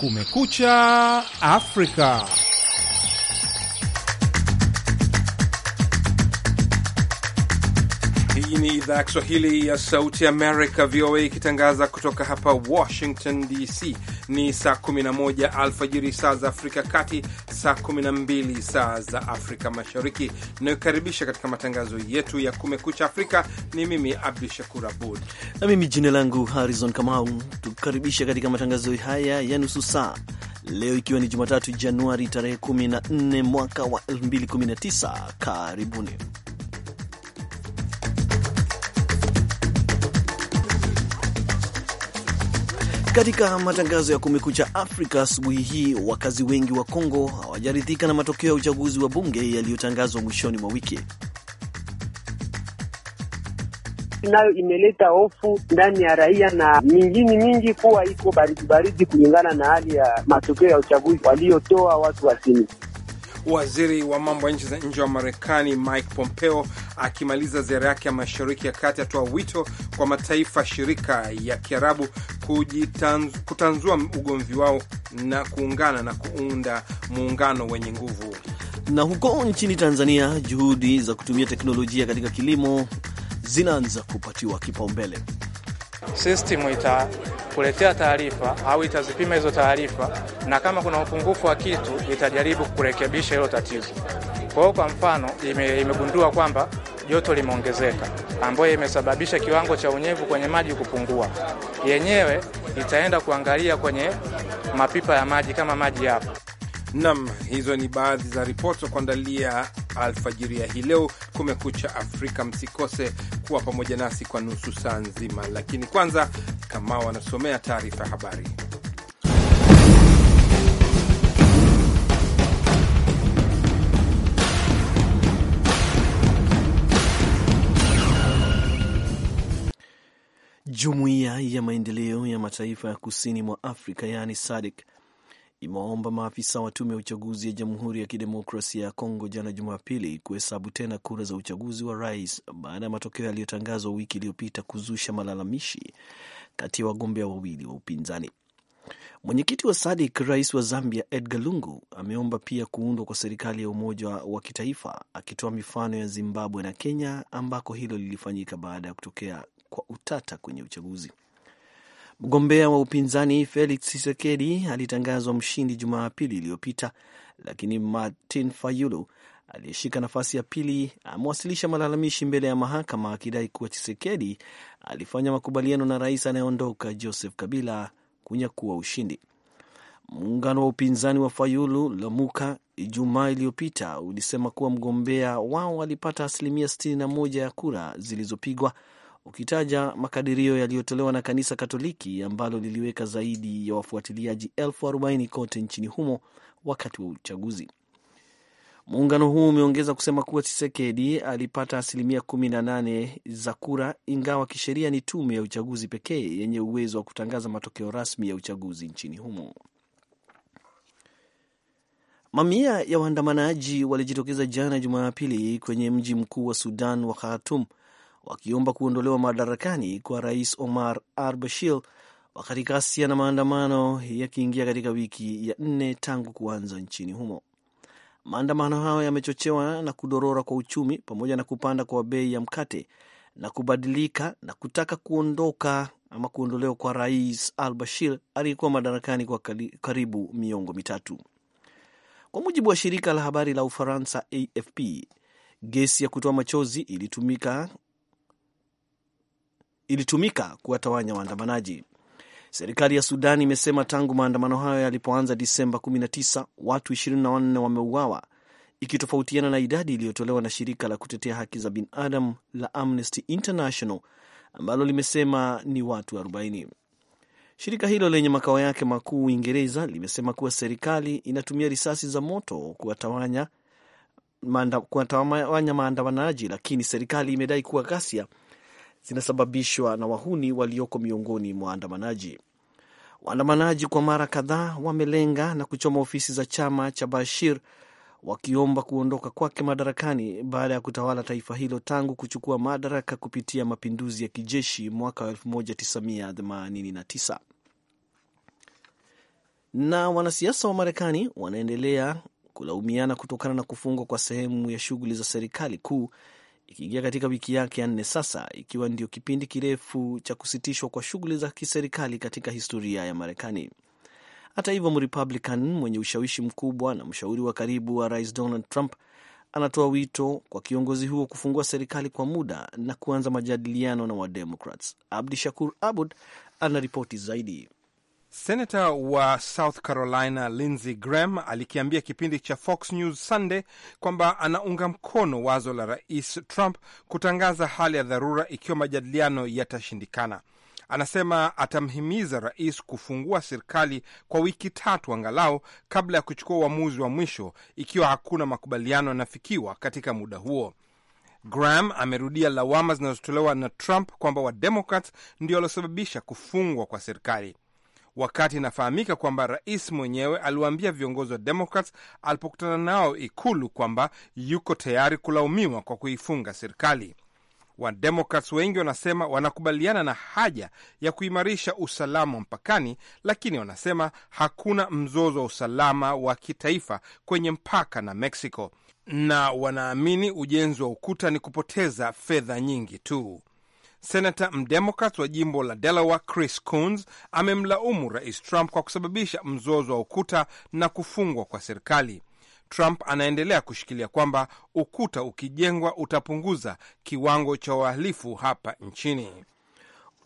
Kumekucha Afrika. Hii ni idhaa ya Kiswahili ya Sauti Amerika, VOA, ikitangaza kutoka hapa Washington DC. Ni saa 11 alfajiri saa za Afrika Kati saa 12 saa za Afrika Mashariki. Inayokaribisha katika matangazo yetu ya Kumekucha Afrika ni mimi Abdu Shakur Abud na mimi jina langu Harrison Kamau, tukukaribisha katika matangazo haya ya nusu saa leo, ikiwa ni Jumatatu Januari tarehe 14 mwaka wa 2019. Karibuni. Katika matangazo ya Kumekucha Afrika asubuhi hii, wakazi wengi wa Kongo hawajaridhika na matokeo ya uchaguzi wa bunge yaliyotangazwa mwishoni mwa wiki. Nayo imeleta hofu ndani ya raia na mingini mingi kuwa iko baridi baridi, kulingana na hali ya matokeo ya uchaguzi waliotoa watu wa sini waziri wa mambo ya nchi za nje wa Marekani Mike Pompeo akimaliza ziara yake ya Mashariki ya Kati atoa wito kwa mataifa shirika ya Kiarabu kujitanzu, kutanzua ugomvi wao na kuungana na kuunda muungano wenye nguvu. Na huko nchini Tanzania, juhudi za kutumia teknolojia katika kilimo zinaanza kupatiwa kipaumbele. System itakuletea taarifa au itazipima hizo taarifa, na kama kuna upungufu wa kitu itajaribu kurekebisha hilo tatizo. Kwa hiyo, kwa mfano ime, imegundua kwamba joto limeongezeka, ambayo imesababisha kiwango cha unyevu kwenye maji kupungua, yenyewe itaenda kuangalia kwenye mapipa ya maji kama maji yapo Nam, hizo ni baadhi za ripoti za kuandalia alfajiri ya hii leo. Kumekucha Afrika, msikose kuwa pamoja nasi kwa nusu saa nzima, lakini kwanza kama wanasomea taarifa ya habari. Jumuiya ya maendeleo ya mataifa ya kusini mwa Afrika yaani SADC imewaomba maafisa wa tume ya uchaguzi ya Jamhuri ya Kidemokrasia ya Kongo jana Jumapili kuhesabu tena kura za uchaguzi wa rais baada ya matokeo yaliyotangazwa wiki iliyopita kuzusha malalamishi kati ya wagombea wawili wa upinzani. Mwenyekiti wa SADIK rais wa Zambia Edgar Lungu ameomba pia kuundwa kwa serikali ya umoja wa kitaifa, akitoa mifano ya Zimbabwe na Kenya ambako hilo lilifanyika baada ya kutokea kwa utata kwenye uchaguzi. Mgombea wa upinzani Felix Tshisekedi alitangazwa mshindi Jumapili iliyopita, lakini Martin Fayulu aliyeshika nafasi ya pili amewasilisha malalamishi mbele ya mahakama akidai kuwa Tshisekedi alifanya makubaliano na rais anayeondoka Joseph Kabila kunyakua ushindi. Muungano wa upinzani wa Fayulu Lamuka Ijumaa iliyopita ulisema kuwa mgombea wao alipata asilimia 61 ya kura zilizopigwa ukitaja makadirio yaliyotolewa na kanisa Katoliki ambalo liliweka zaidi ya wafuatiliaji elfu arobaini kote nchini humo wakati wa uchaguzi. Muungano huu umeongeza kusema kuwa Chisekedi alipata asilimia 18 za kura, ingawa kisheria ni tume ya uchaguzi pekee yenye uwezo wa kutangaza matokeo rasmi ya uchaguzi nchini humo. Mamia ya waandamanaji walijitokeza jana Jumapili kwenye mji mkuu wa Sudan wa Khartoum wakiomba kuondolewa madarakani kwa Rais Omar al-Bashir, wakati ghasia na maandamano yakiingia katika wiki ya nne tangu kuanza nchini humo. Maandamano hayo yamechochewa na kudorora kwa uchumi pamoja na kupanda kwa bei ya mkate na kubadilika na kutaka kuondoka ama kuondolewa kwa Rais al-Bashir aliyekuwa madarakani kwa karibu miongo mitatu. Kwa mujibu wa shirika la habari la Ufaransa AFP, gesi ya kutoa machozi ilitumika ilitumika kuwatawanya waandamanaji. Serikali ya Sudan imesema tangu maandamano hayo yalipoanza Disemba 19 watu 24 wameuawa, ikitofautiana na idadi iliyotolewa na shirika la kutetea haki za binadamu la Amnesty International ambalo limesema ni watu 40. Shirika hilo lenye makao yake makuu Uingereza limesema kuwa serikali inatumia risasi za moto kuwatawanya maandamanaji, lakini serikali imedai kuwa ghasia zinasababishwa na wahuni walioko miongoni mwa waandamanaji. Waandamanaji kwa mara kadhaa wamelenga na kuchoma ofisi za chama cha Bashir wakiomba kuondoka kwake madarakani baada ya kutawala taifa hilo tangu kuchukua madaraka kupitia mapinduzi ya kijeshi mwaka 1989. Na wanasiasa wa Marekani wanaendelea kulaumiana kutokana na kufungwa kwa sehemu ya shughuli za serikali kuu ikiingia katika wiki yake ya nne sasa, ikiwa ndio kipindi kirefu cha kusitishwa kwa shughuli za kiserikali katika historia ya Marekani. Hata hivyo, Mrepublican mwenye ushawishi mkubwa na mshauri wa karibu wa rais Donald Trump anatoa wito kwa kiongozi huo kufungua serikali kwa muda na kuanza majadiliano na Wademokrats. Abdi Shakur Abud ana ripoti zaidi. Senata wa South Carolina Lindsey Graham alikiambia kipindi cha Fox News Sunday kwamba anaunga mkono wazo la Rais Trump kutangaza hali ya dharura ikiwa majadiliano yatashindikana. Anasema atamhimiza rais kufungua serikali kwa wiki tatu angalau kabla ya kuchukua uamuzi wa mwisho ikiwa hakuna makubaliano yanafikiwa katika muda huo. Graham amerudia lawama zinazotolewa na Trump kwamba wademokrat ndio waliosababisha kufungwa kwa serikali wakati inafahamika kwamba rais mwenyewe aliwaambia viongozi wa Democrats alipokutana nao Ikulu kwamba yuko tayari kulaumiwa kwa kuifunga serikali. Wademokrats wengi wanasema wanakubaliana na haja ya kuimarisha usalama wa mpakani, lakini wanasema hakuna mzozo wa usalama wa kitaifa kwenye mpaka na Mexico, na wanaamini ujenzi wa ukuta ni kupoteza fedha nyingi tu. Senata mdemokrat wa jimbo la Delaware Chris Coons amemlaumu Rais Trump kwa kusababisha mzozo wa ukuta na kufungwa kwa serikali. Trump anaendelea kushikilia kwamba ukuta ukijengwa utapunguza kiwango cha uhalifu hapa nchini.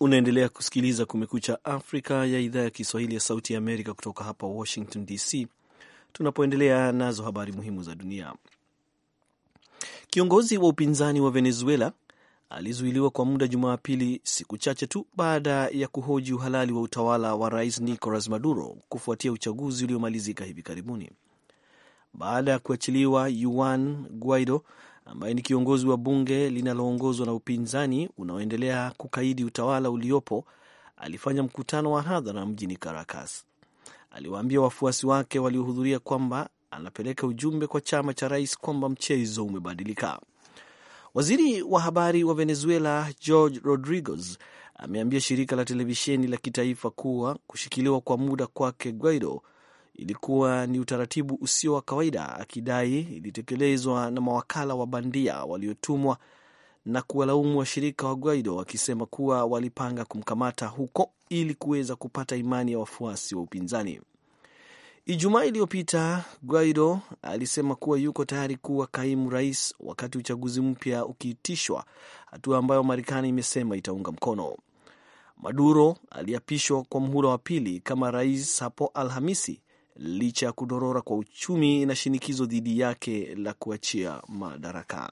Unaendelea kusikiliza Kumekucha Afrika ya idhaa ya Kiswahili ya Sauti ya Amerika kutoka hapa Washington DC, tunapoendelea nazo habari muhimu za dunia. Kiongozi wa upinzani wa Venezuela alizuiliwa kwa muda Jumapili, siku chache tu baada ya kuhoji uhalali wa utawala wa rais Nicolas Maduro kufuatia uchaguzi uliomalizika hivi karibuni. Baada ya kuachiliwa, Juan Guaido ambaye ni kiongozi wa bunge linaloongozwa na upinzani unaoendelea kukaidi utawala uliopo alifanya mkutano wa hadhara mjini Caracas. Aliwaambia wafuasi wake waliohudhuria kwamba anapeleka ujumbe kwa chama cha rais kwamba mchezo umebadilika. Waziri wa habari wa Venezuela George Rodriguez ameambia shirika la televisheni la kitaifa kuwa kushikiliwa kwa muda kwake Guaido ilikuwa ni utaratibu usio wa kawaida, akidai ilitekelezwa na mawakala wa bandia waliotumwa na kuwalaumu washirika wa Guaido wakisema kuwa walipanga kumkamata huko ili kuweza kupata imani ya wafuasi wa upinzani. Ijumaa iliyopita Guaido alisema kuwa yuko tayari kuwa kaimu rais wakati uchaguzi mpya ukiitishwa, hatua ambayo Marekani imesema itaunga mkono. Maduro aliapishwa kwa mhula wa pili kama rais hapo Alhamisi licha ya kudorora kwa uchumi na shinikizo dhidi yake la kuachia madaraka.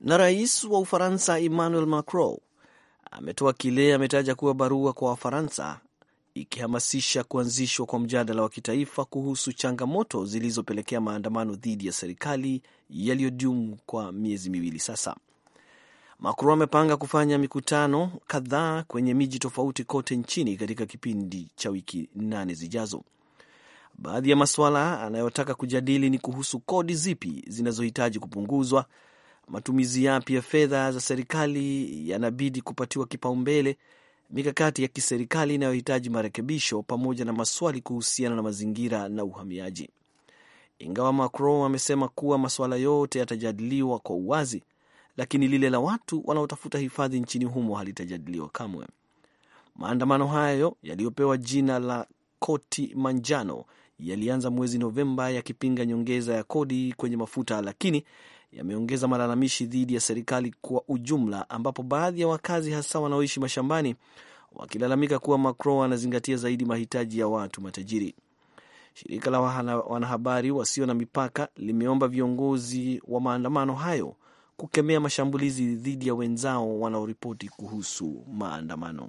Na rais wa Ufaransa Emmanuel Macron ametoa kile ametaja kuwa barua kwa Wafaransa ikihamasisha kuanzishwa kwa mjadala wa kitaifa kuhusu changamoto zilizopelekea maandamano dhidi ya serikali yaliyodumu kwa miezi miwili sasa. Macron amepanga kufanya mikutano kadhaa kwenye miji tofauti kote nchini katika kipindi cha wiki nane zijazo. Baadhi ya masuala anayotaka kujadili ni kuhusu kodi zipi zinazohitaji kupunguzwa, matumizi yapi ya fedha za serikali yanabidi kupatiwa kipaumbele, mikakati ya kiserikali inayohitaji marekebisho pamoja na maswali kuhusiana na mazingira na uhamiaji. Ingawa Macron amesema kuwa masuala yote yatajadiliwa kwa uwazi, lakini lile la watu wanaotafuta hifadhi nchini humo halitajadiliwa kamwe. Maandamano hayo yaliyopewa jina la koti manjano yalianza mwezi Novemba yakipinga nyongeza ya kodi kwenye mafuta, lakini yameongeza malalamishi dhidi ya serikali kwa ujumla, ambapo baadhi ya wakazi hasa wanaoishi mashambani wakilalamika kuwa Macron anazingatia zaidi mahitaji ya watu matajiri. Shirika la wanahabari wasio na mipaka limeomba viongozi wa maandamano hayo kukemea mashambulizi dhidi ya wenzao wanaoripoti kuhusu maandamano.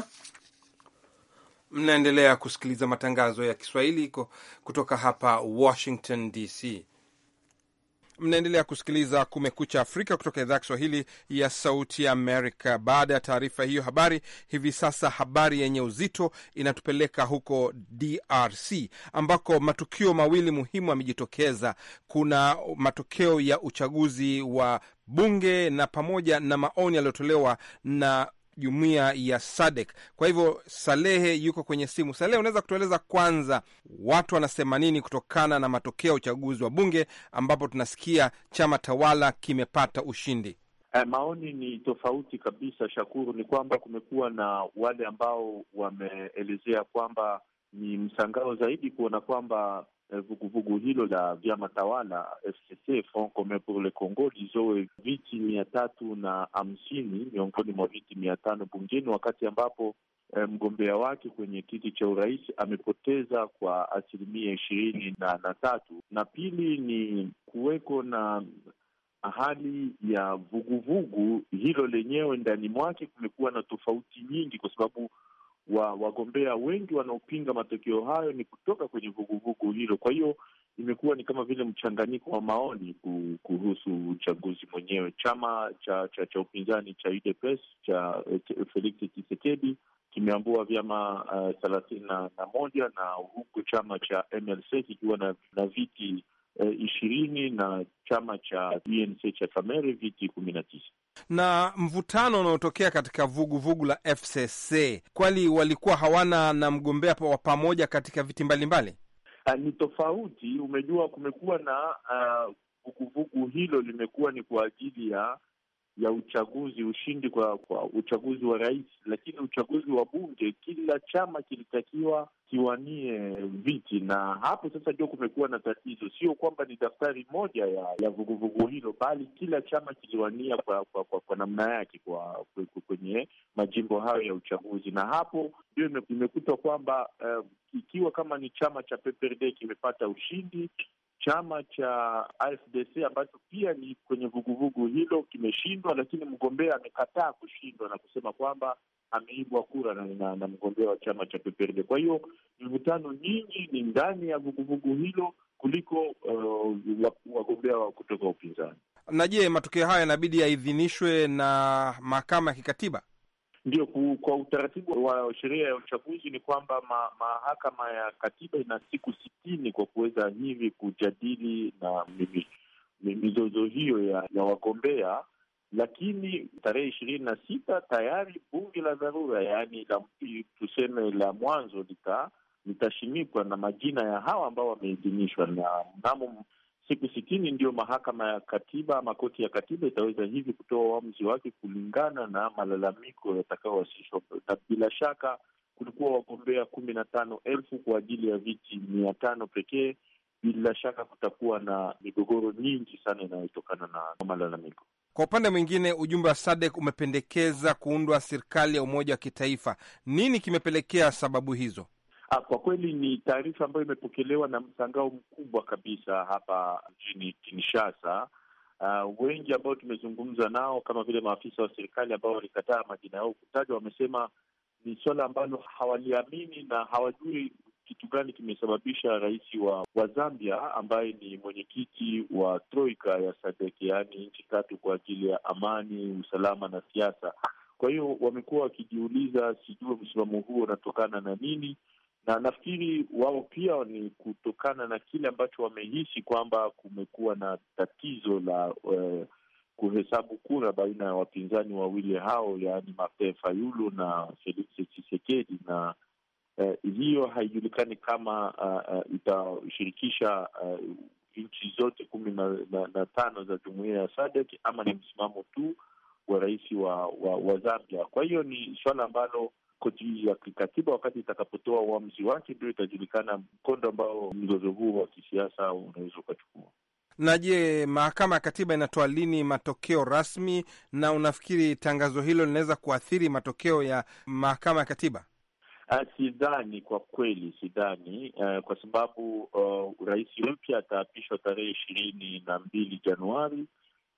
na mnaendelea kusikiliza matangazo ya Kiswahili kutoka hapa Washington DC. Mnaendelea kusikiliza Kumekucha Afrika kutoka idhaa ya Kiswahili ya Sauti ya Amerika. Baada ya taarifa hiyo habari, hivi sasa habari yenye uzito inatupeleka huko DRC ambako matukio mawili muhimu yamejitokeza. Kuna matokeo ya uchaguzi wa bunge na pamoja na maoni yaliyotolewa na jumuiya ya SADC. Kwa hivyo Salehe yuko kwenye simu. Salehe, unaweza kutueleza kwanza watu wanasema nini kutokana na matokeo ya uchaguzi wa bunge ambapo tunasikia chama tawala kimepata ushindi? Eh, maoni ni tofauti kabisa, Shakuru. Ni kwamba kumekuwa na wale ambao wameelezea kwamba ni msangao zaidi kuona kwamba Eh, vuguvugu hilo la vyama tawala FCC, Front Commun pour le Congo, lizowe viti mia tatu na hamsini miongoni mwa viti mia tano bungeni, wakati ambapo eh, mgombea wake kwenye kiti cha urais amepoteza kwa asilimia ishirini na na tatu. Na pili ni kuweko na hali ya vuguvugu hilo lenyewe, ndani mwake kumekuwa na tofauti nyingi, kwa sababu wa wagombea wengi wanaopinga matokeo hayo ni kutoka kwenye vuguvugu hilo. Kwa hiyo imekuwa ni kama vile mchanganyiko wa maoni kuhusu uchaguzi mwenyewe. Chama cha cha, cha upinzani cha UDPS cha eh, Felix chisekedi kimeambua vyama eh, thelathini uh, na moja na huku chama cha MLC kikiwa na, na viti Eh, ishirini na chama cha UNC e cha Kamere viti kumi na tisa na mvutano unaotokea katika vuguvugu vugu la FCC, kwali walikuwa hawana na mgombea wa pamoja katika viti mbalimbali. Ah, ni tofauti, umejua, kumekuwa na ah, vuguvugu uh, vugu hilo limekuwa ni kwa ajili ya ya uchaguzi, ushindi kwa, kwa uchaguzi wa rais, lakini uchaguzi wa bunge kila chama kilitakiwa kiwanie viti, na hapo sasa ndio kumekuwa na tatizo. Sio kwamba ni daftari moja ya ya vuguvugu hilo, bali kila chama kiliwania kwa, kwa, kwa, kwa namna yake kwa kwenye majimbo hayo ya uchaguzi, na hapo ndio imekutwa kwamba uh, ikiwa kama ni chama cha PPRD kimepata ushindi chama cha AFDC ambacho pia ni kwenye vuguvugu hilo kimeshindwa, lakini mgombea amekataa kushindwa na kusema kwamba ameibwa kura na, na, na mgombea wa chama cha PPRD. Kwa hiyo mivutano nyingi ni ndani ya vuguvugu hilo kuliko uh, wagombea wa kutoka upinzani. Na je, matokeo haya yanabidi yaidhinishwe na mahakama ya kikatiba? Ndio, kwa utaratibu wa sheria ya uchaguzi ni kwamba ma, mahakama ya katiba ina siku sitini kwa kuweza hivi kujadili na mizozo hiyo ya, ya wagombea lakini tarehe ishirini na sita tayari bunge la dharura yaani la, tuseme la mwanzo litashimikwa na majina ya hawa ambao wameidhinishwa, na mnamo siku sitini ndiyo mahakama ya katiba ama koti ya katiba itaweza hivi kutoa uamuzi wake kulingana na malalamiko yatakayowasilishwa, na bila shaka kulikuwa wagombea kumi na tano elfu kwa ajili ya viti mia tano pekee. Bila shaka kutakuwa na migogoro nyingi sana inayotokana na malalamiko. Kwa upande mwingine, ujumbe wa sadek umependekeza kuundwa serikali ya umoja wa kitaifa. Nini kimepelekea sababu hizo? Ah, kwa kweli ni taarifa ambayo imepokelewa na mshangao mkubwa kabisa hapa mjini Kinshasa. Uh, wengi ambao tumezungumza nao kama vile maafisa wa serikali ambao walikataa majina yao kutajwa, wamesema ni suala ambalo hawaliamini na hawajui kitu gani kimesababisha rais wa, wa Zambia ambaye ni mwenyekiti wa troika ya SADC, yaani nchi tatu kwa ajili ya amani, usalama na siasa. Kwa hiyo wamekuwa wakijiuliza, sijui msimamo huo unatokana na nini, na nafikiri wao pia ni kutokana na kile ambacho wamehisi kwamba kumekuwa na tatizo la eh, kuhesabu kura baina ya wapinzani wawili hao, yaani Martin Fayulu na Felix chisekedi na eh, hiyo haijulikani kama uh, uh, itashirikisha uh, nchi zote kumi na, na, na tano za jumuia ya SADC ama ni msimamo tu wa rais wa, wa, wa Zambia. Kwa hiyo ni suala ambalo koti ya kikatiba wakati itakapotoa uamzi wake, ndio itajulikana mkondo ambao mzozo huo wa kisiasa unaweza ukachukua. Na je, mahakama ya katiba inatoa lini matokeo rasmi, na unafikiri tangazo hilo linaweza kuathiri matokeo ya mahakama ya katiba? Ah, sidhani kwa kweli, sidhani uh, kwa sababu uh, rais mpya ataapishwa tarehe ishirini na mbili Januari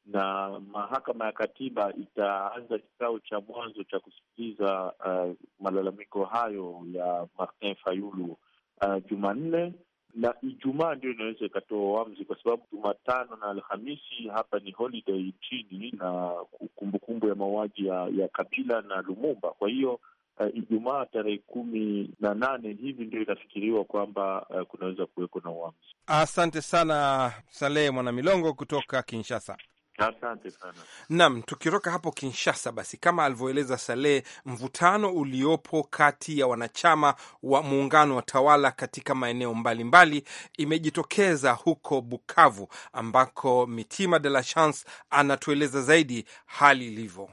na mahakama ya katiba itaanza kikao cha mwanzo cha kusikiliza uh, malalamiko hayo ya Martin Fayulu uh, Jumanne na Ijumaa ndio inaweza ikatoa uamuzi, kwa sababu Jumatano na Alhamisi hapa ni holiday nchini na kumbukumbu kumbu ya mauaji ya, ya Kabila na Lumumba. Kwa hiyo uh, Ijumaa tarehe kumi na nane hivi ndio inafikiriwa kwamba uh, kunaweza kuweko na uamuzi. Asante sana Saleh Mwanamilongo kutoka Kinshasa nam Naam, tukitoka hapo Kinshasa, basi kama alivyoeleza Saleh, mvutano uliopo kati ya wanachama wa muungano wa tawala katika maeneo mbalimbali imejitokeza huko Bukavu, ambako Mitima de la Chance anatueleza zaidi hali ilivyo.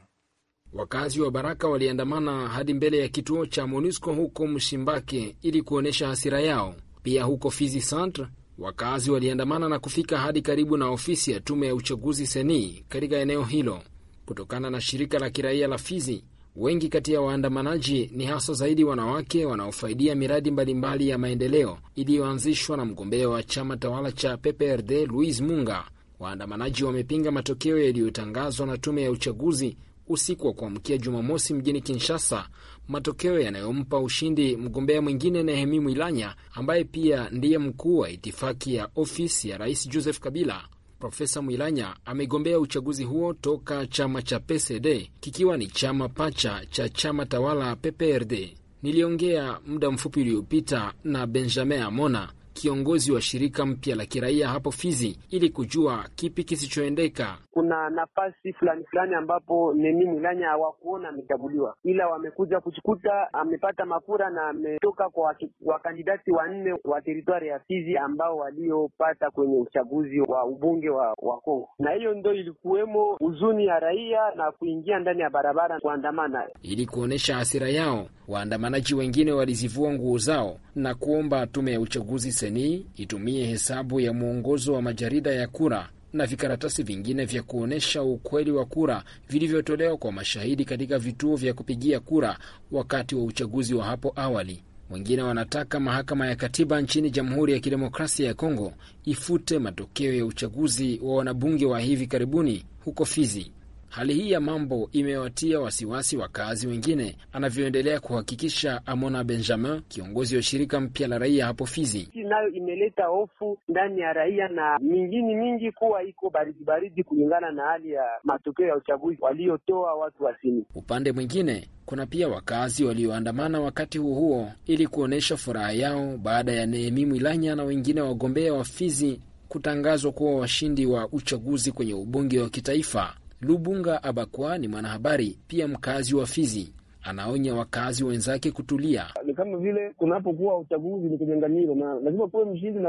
Wakazi wa Baraka waliandamana hadi mbele ya kituo cha MONUSCO huko Mshimbake ili kuonyesha hasira yao. Pia huko Fizi Centre Wakazi waliandamana na kufika hadi karibu na ofisi ya tume ya uchaguzi seni katika eneo hilo. Kutokana na shirika la kiraia la Fizi, wengi kati ya waandamanaji ni haswa zaidi wanawake wanaofaidia miradi mbalimbali ya maendeleo iliyoanzishwa na mgombea wa chama tawala cha PPRD Louis Munga. Waandamanaji wamepinga matokeo yaliyotangazwa na tume ya uchaguzi usiku wa kuamkia Jumamosi mjini Kinshasa, matokeo yanayompa ushindi mgombea mwingine Nehemi Mwilanya ambaye pia ndiye mkuu wa itifaki ya ofisi ya Rais Joseph Kabila. Profesa Mwilanya amegombea uchaguzi huo toka chama cha PSD kikiwa ni chama pacha cha chama tawala PPRD. Niliongea muda mfupi uliopita na Benjamin Amona kiongozi wa shirika mpya la kiraia hapo Fizi ili kujua kipi kisichoendeka. Kuna nafasi fulani fulani ambapo Nemi Mwilanya hawakuona amechaguliwa, ila wamekuja kujikuta amepata makura na ametoka kwa wakandidati wanne wa teritwari ya Fizi ambao waliopata kwenye uchaguzi wa ubunge wa, wa Kongo, na hiyo ndo ilikuwemo huzuni ya raia na kuingia ndani ya barabara kuandamana ili kuonyesha hasira yao. Waandamanaji wengine walizivua nguo zao na kuomba tume ya uchaguzi seni itumie hesabu ya mwongozo wa majarida ya kura na vikaratasi vingine vya kuonyesha ukweli wa kura vilivyotolewa kwa mashahidi katika vituo vya kupigia kura wakati wa uchaguzi wa hapo awali. Wengine wanataka mahakama ya katiba nchini Jamhuri ya Kidemokrasia ya Kongo ifute matokeo ya uchaguzi wa wanabunge wa hivi karibuni huko Fizi. Hali hii ya mambo imewatia wasiwasi wakazi wengine, anavyoendelea kuhakikisha Amona Benjamin, kiongozi wa shirika mpya la raia hapo Fizi. Nayo imeleta hofu ndani ya raia na mingini mingi kuwa iko baridi baridi, kulingana na hali ya matokeo ya uchaguzi waliotoa watu wasini. Upande mwingine kuna pia wakazi walioandamana wakati huo huo ili kuonyesha furaha yao baada ya Nehemi Mwilanya na wengine wagombea wa Fizi kutangazwa kuwa washindi wa uchaguzi kwenye ubunge wa kitaifa. Lubunga Abakwa ni mwanahabari pia mkazi wa Fizi. Anaonya wakazi wenzake kutulia. Ni kama vile kunapokuwa uchaguzi, ni kinyang'anyiro na lazima kuwe mshindi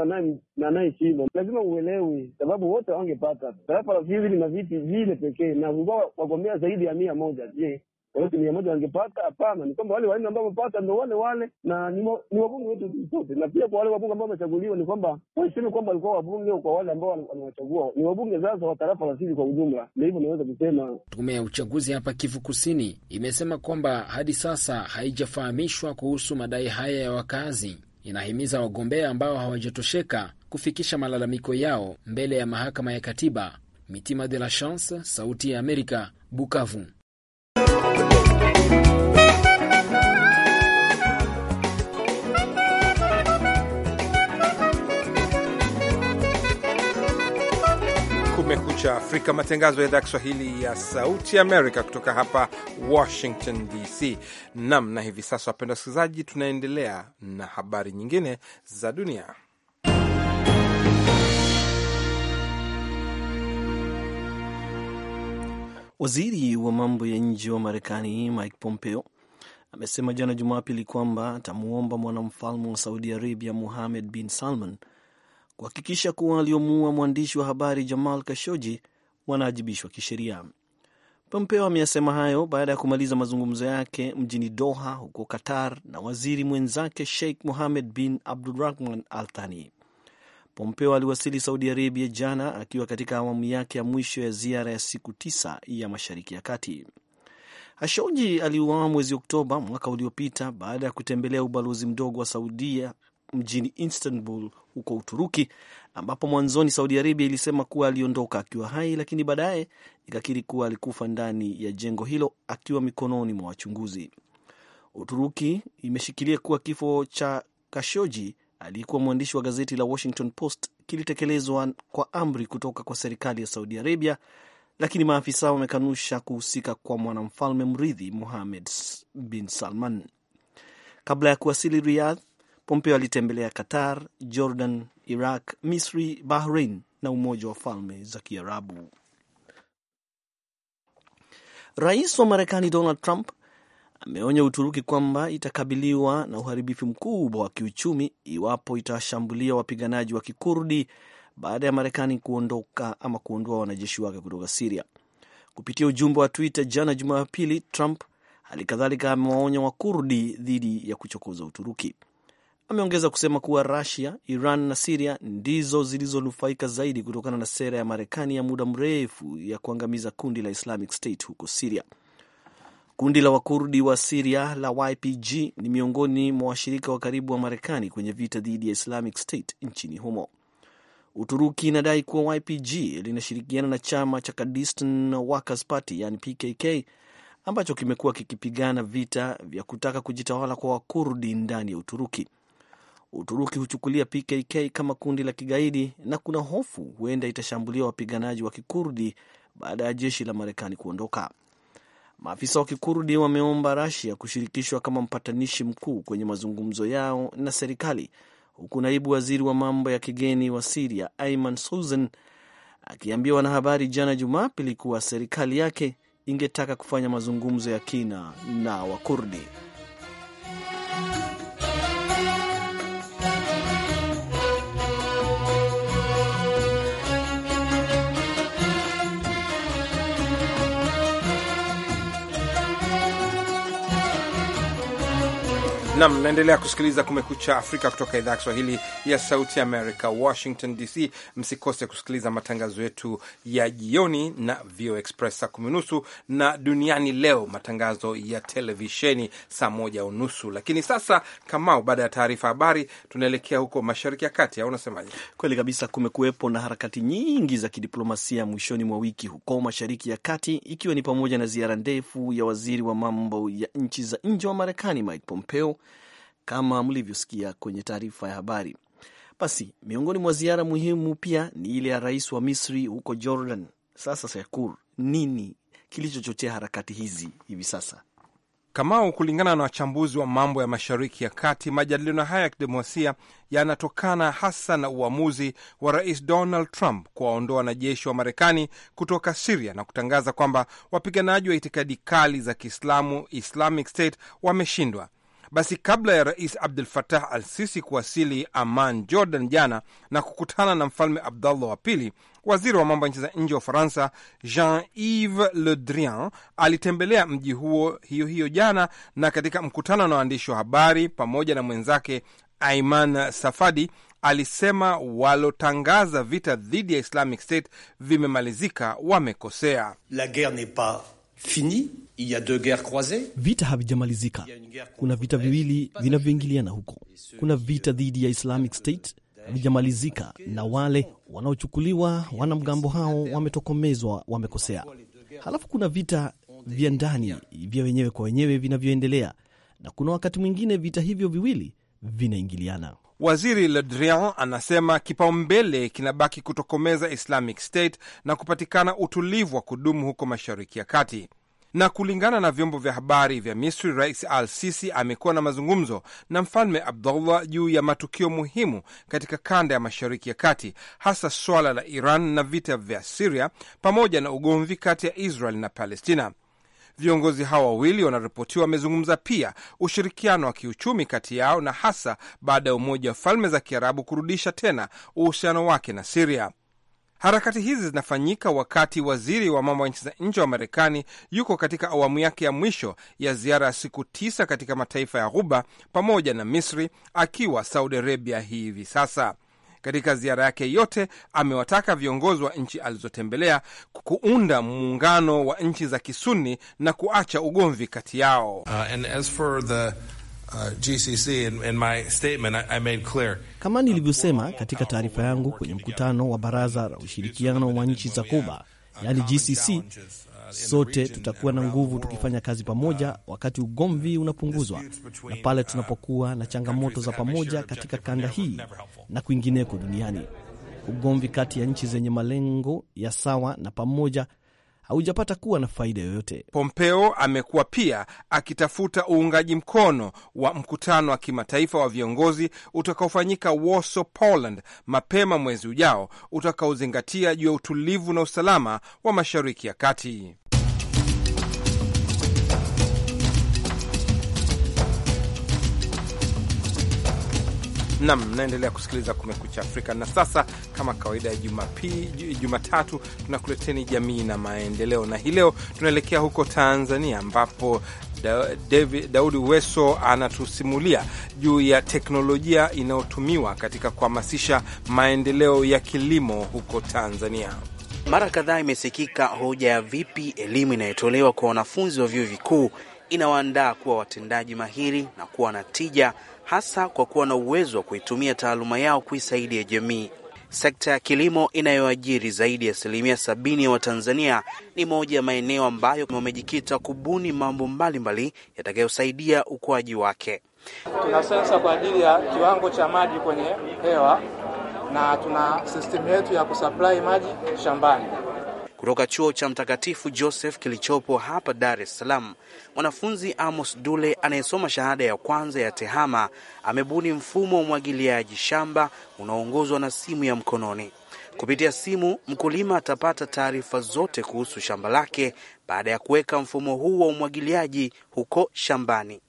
na anayeshindwa lazima uelewi sababu wote wangepata. Tarafa la Fizi lina viti vile pekee na kulikuwa wagombea zaidi ya mia moja. Je, wote mia moja wangepata? Hapana, ni kwamba wale wanne ambao wamepata ndo wale wale, na ni wabunge wetu sote. Na pia kwa wale wabunge ambao wamechaguliwa, ni kwamba waiseme kwamba walikuwa wabunge kwa wale ambao wanawachagua ni wabunge sasa wa tarafa la kwa ujumla, na hivyo naweza kusema tume ya uchaguzi hapa Kivu Kusini imesema kwamba hadi sasa haijafahamishwa kuhusu madai haya ya wakazi. Inahimiza wagombea ambao hawajatosheka kufikisha malalamiko yao mbele ya mahakama ya katiba. Mitima de la Chance, Sauti ya Amerika, Bukavu. Kumekucha Afrika, matangazo ya idhaa ya Kiswahili ya Sauti Amerika kutoka hapa Washington DC. Nam na hivi sasa, wapenda wasikilizaji, tunaendelea na habari nyingine za dunia. Waziri wa mambo ya nje wa Marekani Mike Pompeo amesema jana Jumapili kwamba atamwomba mwanamfalme wa Saudi Arabia Muhamed bin Salman kuhakikisha kuwa aliomuua mwandishi wa habari Jamal Kashoji wanaajibishwa kisheria. Pompeo ameyasema hayo baada ya kumaliza mazungumzo yake mjini Doha huko Qatar na waziri mwenzake Sheikh muhamed bin Abdurahman Al Thani. Pompeo aliwasili Saudi Arabia jana akiwa katika awamu yake ya mwisho ya ziara ya siku tisa ya Mashariki ya Kati. hashoji aliuawa mwezi Oktoba mwaka uliopita baada ya kutembelea ubalozi mdogo wa Saudia mjini Istanbul huko Uturuki, ambapo mwanzoni Saudi Arabia ilisema kuwa aliondoka akiwa hai, lakini baadaye ikakiri kuwa alikufa ndani ya jengo hilo akiwa mikononi mwa wachunguzi. Uturuki imeshikilia kuwa kifo cha Kashoji aliyekuwa mwandishi wa gazeti la Washington Post kilitekelezwa kwa amri kutoka kwa serikali ya Saudi Arabia, lakini maafisa wamekanusha kuhusika kwa mwanamfalme mrithi Muhamed bin Salman. Kabla ya kuwasili Riyadh, Pompeo alitembelea Qatar, Jordan, Iraq, Misri, Bahrain na Umoja wa Falme za Kiarabu. Rais wa Marekani Donald Trump ameonya Uturuki kwamba itakabiliwa na uharibifu mkubwa wa kiuchumi iwapo itawashambulia wapiganaji wa Kikurdi baada ya Marekani kuondoka ama kuondoa wanajeshi wake kutoka Siria. Kupitia ujumbe wa Twitter jana Jumapili, Trump hali kadhalika amewaonya Wakurdi dhidi ya kuchokoza Uturuki. Ameongeza kusema kuwa Rusia, Iran na Siria ndizo zilizonufaika zaidi kutokana na sera ya Marekani ya muda mrefu ya kuangamiza kundi la Islamic State huko Siria. Kundi la Wakurdi wa Siria la YPG ni miongoni mwa washirika wa karibu wa Marekani kwenye vita dhidi ya Islamic State nchini humo. Uturuki inadai kuwa YPG linashirikiana na chama cha Kurdistan Workers Party yani PKK ambacho kimekuwa kikipigana vita vya kutaka kujitawala kwa Wakurdi ndani ya Uturuki. Uturuki huchukulia PKK kama kundi la kigaidi na kuna hofu huenda itashambulia wapiganaji wa Kikurdi baada ya jeshi la Marekani kuondoka. Maafisa wa Kikurdi wameomba Rasia kushirikishwa kama mpatanishi mkuu kwenye mazungumzo yao na serikali, huku naibu waziri wa mambo ya kigeni wa Siria Aiman Susan akiambia wanahabari jana Jumapili kuwa serikali yake ingetaka kufanya mazungumzo ya kina na Wakurdi. Nam, naendelea kusikiliza Kumekucha Afrika kutoka idhaa ya Kiswahili ya Sauti Amerika, Washington DC. Msikose kusikiliza matangazo yetu ya jioni na VO Express saa kumi unusu na Duniani Leo matangazo ya televisheni saa moja unusu. Lakini sasa, Kamau, baada ya taarifa habari, tunaelekea huko Mashariki ya Kati, au unasemaje? Kweli kabisa, kumekuwepo na harakati nyingi za kidiplomasia mwishoni mwa wiki huko Mashariki ya Kati, ikiwa ni pamoja na ziara ndefu ya waziri wa mambo ya nchi za nje wa Marekani Mike Pompeo kama mlivyosikia kwenye taarifa ya habari. Basi, miongoni mwa ziara muhimu pia ni ile ya rais wa Misri huko Jordan. Sasa Sekur, nini kilichochochea harakati hizi hivi sasa? Kamau, kulingana na wachambuzi wa mambo ya Mashariki ya Kati, majadiliano haya ya kidemokrasia yanatokana hasa na uamuzi wa Rais Donald Trump kuwaondoa wanajeshi wa Marekani kutoka Siria na kutangaza kwamba wapiganaji wa itikadi kali za Kiislamu, Islamic State, wameshindwa. Basi kabla ya Rais Abdul Fatah al Sisi kuwasili aman Jordan jana na kukutana na Mfalme Abdullah wa Pili, waziri wa mambo ya nchi za nje wa Ufaransa Jean-Yves Le Drian alitembelea mji huo hiyo hiyo jana, na katika mkutano na waandishi wa habari pamoja na mwenzake Aiman Safadi alisema walotangaza vita dhidi ya Islamic State vimemalizika, wamekosea. La guerre n'est pas fini Il y a deux guerres croisées. Vita havijamalizika. Kuna vita viwili vinavyoingiliana huko. Kuna vita dhidi ya Islamic euh, State havijamalizika, na wale wanaochukuliwa wanamgambo hao wametokomezwa, wamekosea. Halafu kuna vita vya ndani vya wenyewe kwa wenyewe vinavyoendelea, na kuna wakati mwingine vita hivyo viwili vinaingiliana. Waziri Le Drian anasema kipaumbele kinabaki kutokomeza Islamic State na kupatikana utulivu wa kudumu huko Mashariki ya Kati. Na kulingana na vyombo vya habari vya Misri, Rais Al Sisi amekuwa na mazungumzo na Mfalme Abdullah juu ya matukio muhimu katika kanda ya Mashariki ya Kati, hasa swala la Iran na vita vya Siria pamoja na ugomvi kati ya Israel na Palestina. Viongozi hao wawili wanaripotiwa wamezungumza pia ushirikiano wa kiuchumi kati yao na hasa baada ya Umoja wa Falme za Kiarabu kurudisha tena uhusiano wake na Siria. Harakati hizi zinafanyika wakati waziri wa mambo ya nchi za nje wa Marekani yuko katika awamu yake ya mwisho ya ziara ya siku tisa katika mataifa ya Ghuba pamoja na Misri, akiwa Saudi Arabia hivi sasa. Katika ziara yake yote, amewataka viongozi wa nchi alizotembelea kuunda muungano wa nchi za Kisuni na kuacha ugomvi kati yao. Uh, Uh, GCC in, in my statement, I made clear. Kama nilivyosema katika taarifa yangu kwenye mkutano wa Baraza la Ushirikiano wa Nchi za Kuba, yaani GCC, Sote tutakuwa na nguvu tukifanya kazi pamoja, uh, wakati ugomvi unapunguzwa na pale uh, tunapokuwa na changamoto za pamoja katika kanda hii na kwingineko duniani. Ugomvi kati ya nchi zenye malengo ya sawa na pamoja haujapata kuwa na faida yoyote. Pompeo amekuwa pia akitafuta uungaji mkono wa mkutano wa kimataifa wa viongozi utakaofanyika Warsaw, Poland, mapema mwezi ujao utakaozingatia juu ya utulivu na usalama wa Mashariki ya Kati. Nam, naendelea kusikiliza Kumekucha Afrika na sasa, kama kawaida ya Jumatatu, tunakuleteni jamii na maendeleo, na hii leo tunaelekea huko Tanzania ambapo David, Daudi Weso anatusimulia juu ya teknolojia inayotumiwa katika kuhamasisha maendeleo ya kilimo huko Tanzania. Mara kadhaa imesikika hoja ya vipi elimu inayotolewa kwa wanafunzi wa vyuo vikuu inawaandaa kuwa watendaji mahiri na kuwa na tija hasa kwa kuwa na uwezo wa kuitumia taaluma yao kuisaidia ya jamii. Sekta ya kilimo inayoajiri zaidi ya asilimia sabini ya Watanzania ni moja ya maeneo ambayo wamejikita kubuni mambo mbalimbali yatakayosaidia ukuaji wake. Tuna sensa kwa ajili ya kiwango cha maji kwenye hewa na tuna sistemu yetu ya kusaplai maji shambani kutoka chuo cha Mtakatifu Joseph kilichopo hapa Dar es Salaam. Mwanafunzi Amos Dule anayesoma shahada ya kwanza ya TEHAMA amebuni mfumo wa umwagiliaji shamba unaoongozwa na simu ya mkononi. Kupitia simu, mkulima atapata taarifa zote kuhusu shamba lake baada ya kuweka mfumo huu wa umwagiliaji huko shambani.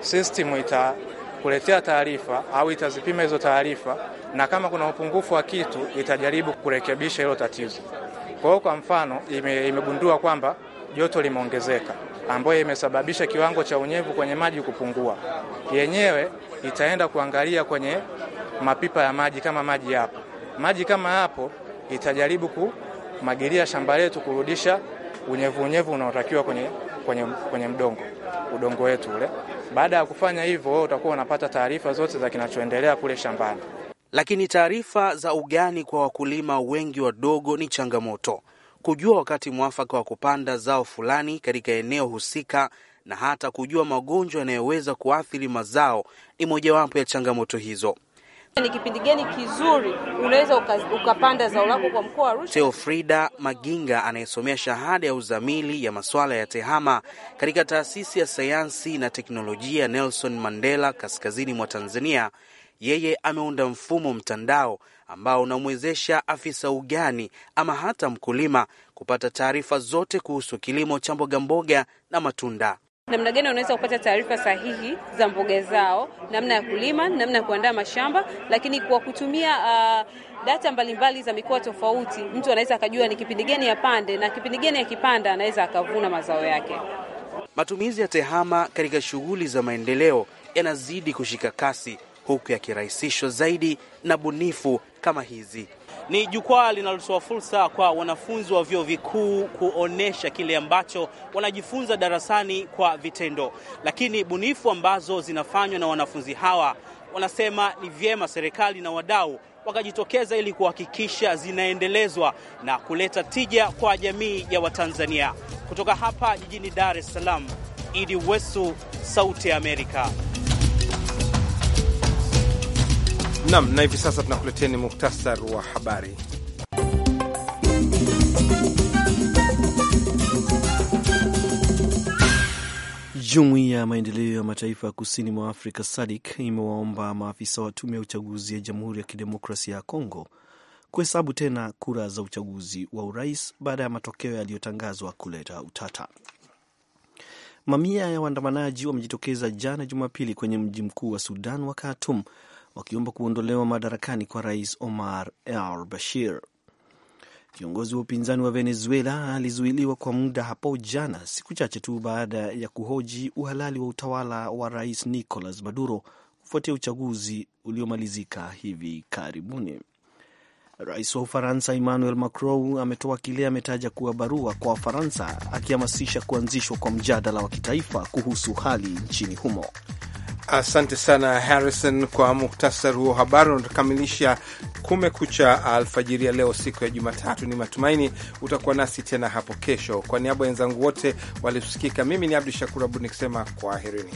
Sistimu itakuletea taarifa au itazipima hizo taarifa, na kama kuna upungufu wa kitu itajaribu kurekebisha hilo tatizo. Kwa hiyo kwa mfano ime, imegundua kwamba joto limeongezeka ambayo imesababisha kiwango cha unyevu kwenye maji kupungua. Yenyewe itaenda kuangalia kwenye mapipa ya maji kama maji yapo. Maji kama hapo itajaribu kumagilia shamba letu kurudisha unyevu unyevu unaotakiwa kwenye, kwenye, kwenye mdongo udongo wetu ule. Baada ya kufanya hivyo, utakuwa unapata taarifa zote za kinachoendelea kule shambani. Lakini taarifa za ugani kwa wakulima wengi wadogo ni changamoto. Kujua wakati mwafaka wa kupanda zao fulani katika eneo husika na hata kujua magonjwa yanayoweza kuathiri mazao ni mojawapo ya changamoto hizo. Ni kipindi gani kizuri unaweza ukapanda zao lako kwa mkoa wa Arusha? Teofrida Maginga anayesomea shahada ya uzamili ya masuala ya tehama katika taasisi ya sayansi na teknolojia Nelson Mandela kaskazini mwa Tanzania yeye ameunda mfumo mtandao ambao unamwezesha afisa ugani ama hata mkulima kupata taarifa zote kuhusu kilimo cha mbogamboga na matunda. Namna gani wanaweza kupata taarifa sahihi za mboga zao, namna ya kulima, namna ya kuandaa mashamba, lakini kwa kutumia uh, data mbalimbali za mikoa tofauti, mtu anaweza akajua ni kipindi gani apande na kipindi gani akipanda anaweza akavuna mazao yake. Matumizi ya tehama katika shughuli za maendeleo yanazidi kushika kasi huku yakirahisishwa zaidi na bunifu kama hizi. Ni jukwaa linalotoa fursa kwa wanafunzi wa vyuo vikuu kuonesha kile ambacho wanajifunza darasani kwa vitendo, lakini bunifu ambazo zinafanywa na wanafunzi hawa, wanasema ni vyema serikali na wadau wakajitokeza ili kuhakikisha zinaendelezwa na kuleta tija kwa jamii ya Watanzania. Kutoka hapa jijini Dar es Salaam, Idi Wesu, Sauti ya Amerika. Nam, na hivi sasa tunakuleteni muktasar wa habari. Jumuiya ya maendeleo ya mataifa ya kusini mwa Afrika SADIK imewaomba maafisa wa tume ya uchaguzi ya Jamhuri ya Kidemokrasia ya Kongo kuhesabu tena kura za uchaguzi wa urais baada ya matokeo yaliyotangazwa kuleta utata. Mamia ya waandamanaji wamejitokeza jana Jumapili kwenye mji mkuu wa Sudan wa Khartoum wakiomba kuondolewa madarakani kwa rais Omar al Bashir. Kiongozi wa upinzani wa Venezuela alizuiliwa kwa muda hapo jana, siku chache tu baada ya kuhoji uhalali wa utawala wa rais Nicolas Maduro kufuatia uchaguzi uliomalizika hivi karibuni. Rais wa Ufaransa Emmanuel Macron ametoa kile ametaja kuwa barua kwa Wafaransa akihamasisha kuanzishwa kwa mjadala wa kitaifa kuhusu hali nchini humo. Asante sana Harrison kwa muktasari huo habari. Unatukamilisha Kumekucha alfajiri ya leo, siku ya Jumatatu. Ni matumaini utakuwa nasi tena hapo kesho. Kwa niaba ya wenzangu wote waliosikika, mimi ni Abdu Shakur Abud nikisema kwaherini.